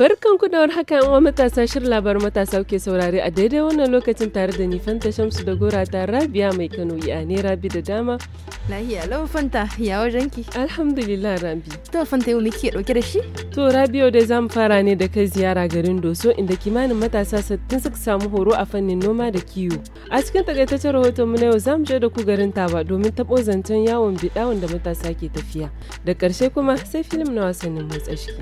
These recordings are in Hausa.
Barkan ku da haka wa matasa shirin labar matasa ke saurari a daidai wannan lokacin tare da ni Fanta Shamsu da Gora ta Rabia mai Kano ya ne Rabi da dama. Lahiya lau Fanta ya wajen ki. Alhamdulillah Rabi. To Fanta yau ke dauke da shi? To Rabiyo dai zamu fara ne da kai ziyara garin Doso inda kimanin matasa sun suka samu horo a fannin noma da kiwo. A cikin takaitaccen rahoton mu na yau zamu je da ku garin Taba domin tabo zancen yawon biɗa wanda matasa ke tafiya. Da ƙarshe kuma sai filim na wasannin motsa shi.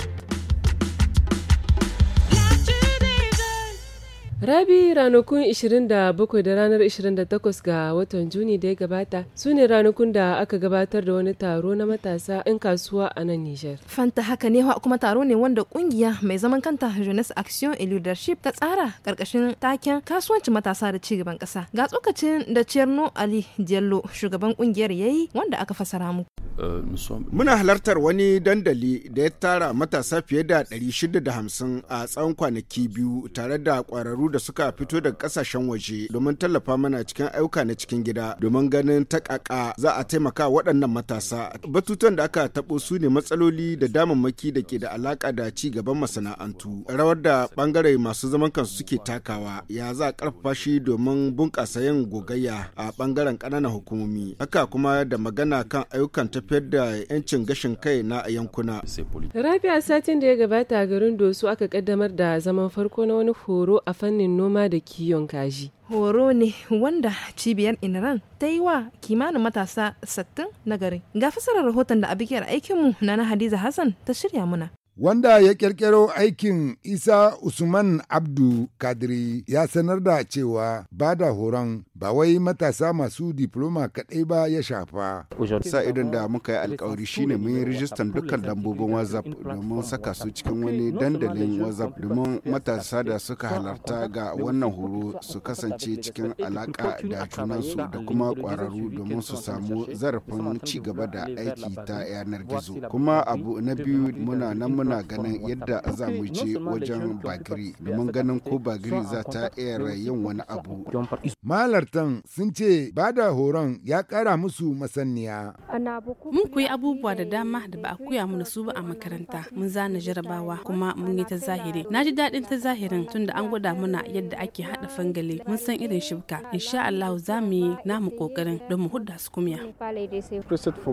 Rabi ranakun 27 da ranar 28 ga watan Juni da ya gabata su ne ranakun da aka gabatar da wani taro na matasa 'yan kasuwa a nan Nijar. Fanta haka ne kuma taro ne wanda kungiya mai zaman kanta Jonas Action and Leadership ta tsara karkashin taken kasuwancin matasa da cigaban kasa. Ga tsokacin da Cerno Ali jello shugaban kungiyar yayi wanda aka fasara muku. Eh, Muna halartar wani dandali da ya tara matasa fiye da 650 a tsawon kwanaki biyu tare da ƙwararru da suka fito daga kasashen waje domin tallafa mana cikin ayyuka na cikin gida domin ganin takaka za a taimaka waɗannan matasa. Batutan da aka taɓo su ne matsaloli da damammaki da ke da alaƙa da ci gaban masana'antu. Rawar da ɓangare masu zaman kansu suke takawa ya za a ƙarfafa shi domin bunƙasa yin gogayya a ɓangaren ƙananan hukumomi. Haka kuma da magana kan ayyukan tafi haifar da 'yancin gashin kai na a yankuna. Rabia satin da ya gabata garin Doso aka kaddamar da zaman farko na wani horo a fannin noma da kiyon kaji. horo ne wanda cibiyar inran ta yi wa kimanin matasa 60 na garin ga fasarar rahoton da abikiyar aikinmu na na hadiza hassan ta shirya muna wanda ya kirkiro aikin isa usman abdu kadiri ya sanar da cewa ba da horon ba wai matasa masu diploma kaɗai ba ya shafa sa idan da muka yi alkawari shine mun yi rijistan dukkan lambobin whatsapp domin saka su cikin wani dandalin whatsapp domin matasa da suka halarta ga wannan horo su kasance cikin alaka da junansu da kuma kwararru domin su samu zarafin ci gaba da aiki ta yanar gizo kuma abu na biyu muna nan muna ganin yadda za mu je wajen bagiri domin ganin ko bagiri za ta iya yin wani abu. Malartan sun ce ba da horon ya kara musu masaniya. Mun kuyi abubuwa da dama da ba a koya mana su ba a makaranta. Mun zana jarabawa kuma mun yi ta zahiri. Na ji daɗin ta zahirin tunda an gwada mana yadda ake haɗa fangale. Mun san irin shibka. Insha Allah za mu yi namu ƙoƙarin don mu hudda su kumya.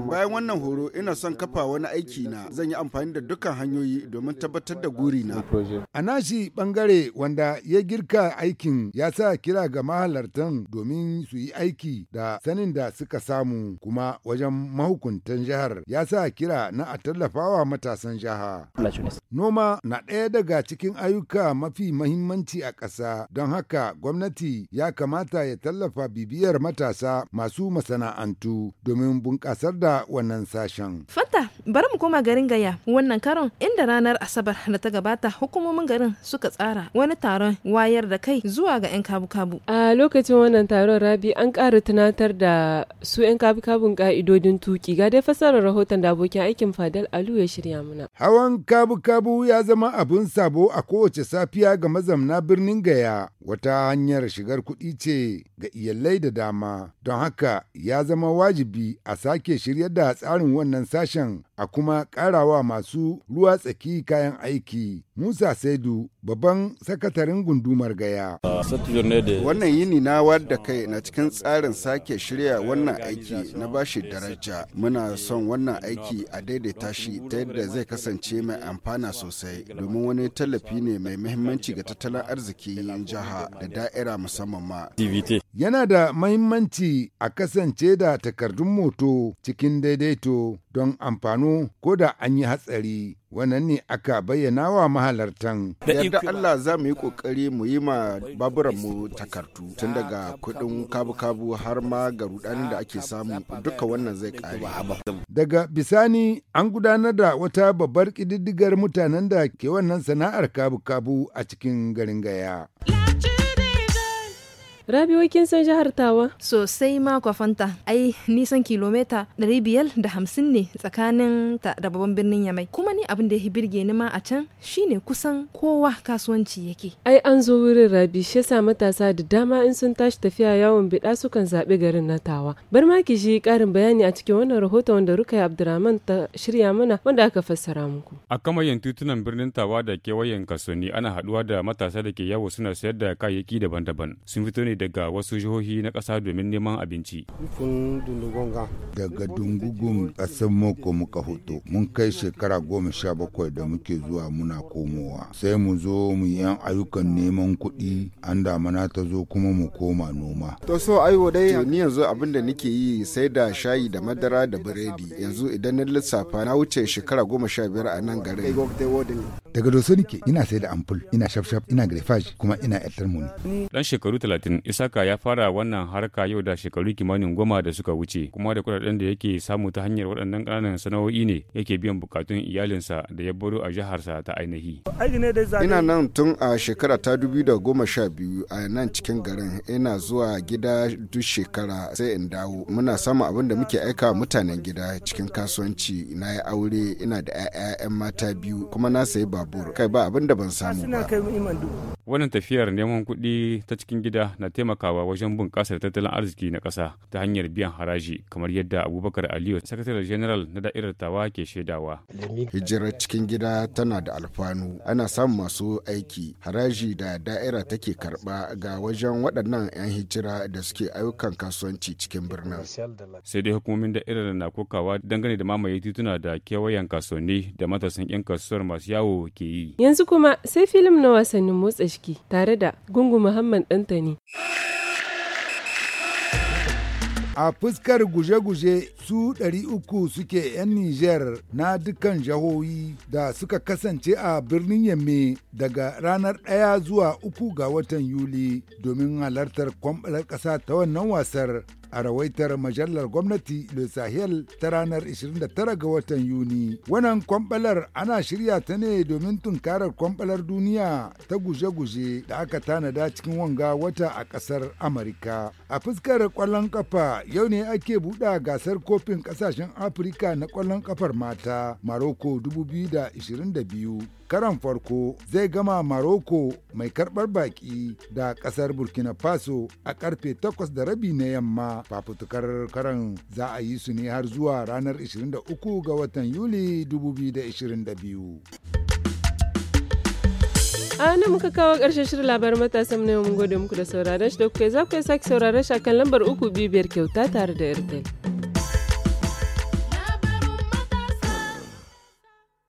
Bayan wannan horo ina son kafa wani aiki na zan yi amfani da dukkan hanyoyi hanyoyi domin tabbatar da gurina. A nashi bangare wanda ya girka aikin ya sa kira ga mahalartan domin su yi aiki da sanin da suka samu kuma wajen mahukuntan jihar ya sa kira na a tallafawa matasan jiha. Noma na ɗaya daga cikin ayyuka mafi mahimmanci a ƙasa don haka gwamnati ya kamata ya tallafa bibiyar matasa masu masana'antu domin bunƙasar da wannan sashen. Fata bari mu koma garin gaya wannan karon in da ranar Asabar da ta gabata hukumomin garin suka tsara wani taron wayar da kai zuwa ga 'yan kabu-kabu. A lokacin wannan taron Rabi an kara tunatar da su 'yan kabu-kabun ka'idodin tuki ga dai fasarar rahoton da abokin aikin Fadal Alu ya shirya mana. Hawan kabu-kabu ya zama abin sabo a kowace safiya ga mazamna birnin Gaya wata hanyar shigar kuɗi ce ga iyalai da dama don haka ya zama wajibi a sake shirya da tsarin wannan sashen a kuma ƙarawa masu ruwa tsaki kayan aiki. Musa Saidu babban sakataren gundumar gaya. Wannan yini na wadda kai na cikin tsarin sake shirya wannan aiki na bashi daraja. Muna son wannan aiki a daidaita shi ta yadda zai kasance mai amfana sosai domin wani tallafi ne mai muhimmanci ga tattalin arziki jiha da da'ira musamman ma. Yana da mahimmanci a kasance da takardun moto cikin daidaito don amfano ko da an yi hatsari. wannan ne aka bayyana wa mahalartan yadda Allah za mu yi kokari mu yi ma baburan mu takardu tun daga kuɗin kabu-kabu har ma ga rudanin da ake samu duka wannan zai kare daga bisani an gudanar da wata babbar ƙididdigar mutanen da ke wannan sana'ar kabu-kabu a cikin garin gaya. rabi wai kin san jihar Tawa? Sosai ma kwa fanta Ai nisan kilomita biyar da hamsin ne tsakanin ta da babban birnin Yamai. Kuma ni abin da ya birge ni ma a can shine kusan kowa kasuwanci yake. Ai an zo wurin Rabi shi yasa matasa da dama in sun tashi tafiya yawon biɗa sukan zaɓi garin na Tawa. Bar ma ki shi ƙarin bayani a cikin wannan rahoton wanda Rukaya Abdulrahman ta shirya mana wanda aka fassara muku. A yin titunan birnin Tawa da kewayen Kasoni ana haɗuwa da matasa da ke yawo suna sayar da kayayyaki daban-daban. Sun fito ne daga wasu jihohi na ƙasa domin neman abinci. Daga Dungugun ƙasar Moko muka hoto, mun kai shekara goma sha bakwai da muke zuwa muna komowa. Sai mu zo mu yi yan ayyukan neman kuɗi, an damana ta zo kuma mu koma noma. To so aiwo dai ni yanzu abin da nake yi sai da shayi da madara da biredi. Yanzu idan na lissafa na wuce shekara goma sha biyar a nan garin. Daga doso nike ina sai da ampul, ina shafshaf, ina grefage, kuma ina yar Dan shekaru talatin Isaka ya fara wannan harka yau da shekaru kimanin goma da suka wuce, kuma da kudaden da yake samu ta hanyar waɗannan ƙananan sana'o'i ne yake biyan bukatun iyalinsa da ya baro a jiharsa ta ainihi. Ina nan tun a shekara ta da goma sha biyu a nan cikin garin ina zuwa gida duk shekara sai in dawo. Muna samun abin da muke aika mutanen gida cikin kasuwanci na yi aure ina da 'ya'yan mata biyu kuma na sayi babur kai ba abin da ban samu ba. Wannan tafiyar neman kuɗi ta cikin gida na taimakawa wajen bunƙasar tattalin arziki na ƙasa ta hanyar biyan haraji kamar yadda Abubakar Aliyu sakataren general na da'irar Tawa ke shaidawa. hijira cikin gida tana da alfanu ana samun masu aiki haraji da da'ira take karɓa ga wajen waɗannan 'yan hijira da suke ayyukan kasuwanci cikin birnin. Sai dai hukumomin da'irar na kokawa dangane da mamaye tituna da kewayen kasuwanni da matasan 'yan kasuwar masu yawo ke yi. Yanzu kuma sai filim na wasannin motsa jiki tare da Gungu Muhammad Dantani. a fuskar guje-guje su 300 suke 'yan Nijar na dukkan jahohi da suka kasance a birnin Yamme daga ranar 1 zuwa 3 ga watan Yuli domin halartar kwamɓalar ƙasa ta wannan wasar a rawaitar majalar gwamnati Le Sahel ta ranar 29 ga watan Yuni. Wannan kwambalar ana shirya ta ne domin tunkarar kwambalar duniya ta guje-guje da aka tanada cikin wanga wata a ƙasar Amurka. A fuskar ƙwallon ƙafa yau ne ake buɗa gasar kofin ƙasashen Afirka na ƙwallon ƙafar mata Maroko 2022. Karan farko zai gama Maroko mai karɓar baƙi da ƙasar Burkina Faso a ƙarfe 8 da rabi na yamma fafutukar karan za a yi su ne har zuwa ranar 23 ga watan yuli 2022 a nan muka kawo ƙarshen shirin labarin matasan na mun gode muku da sauraron shi da kuka za ku sake sauraron shi a lambar uku biyu biyar kyauta tare da airtel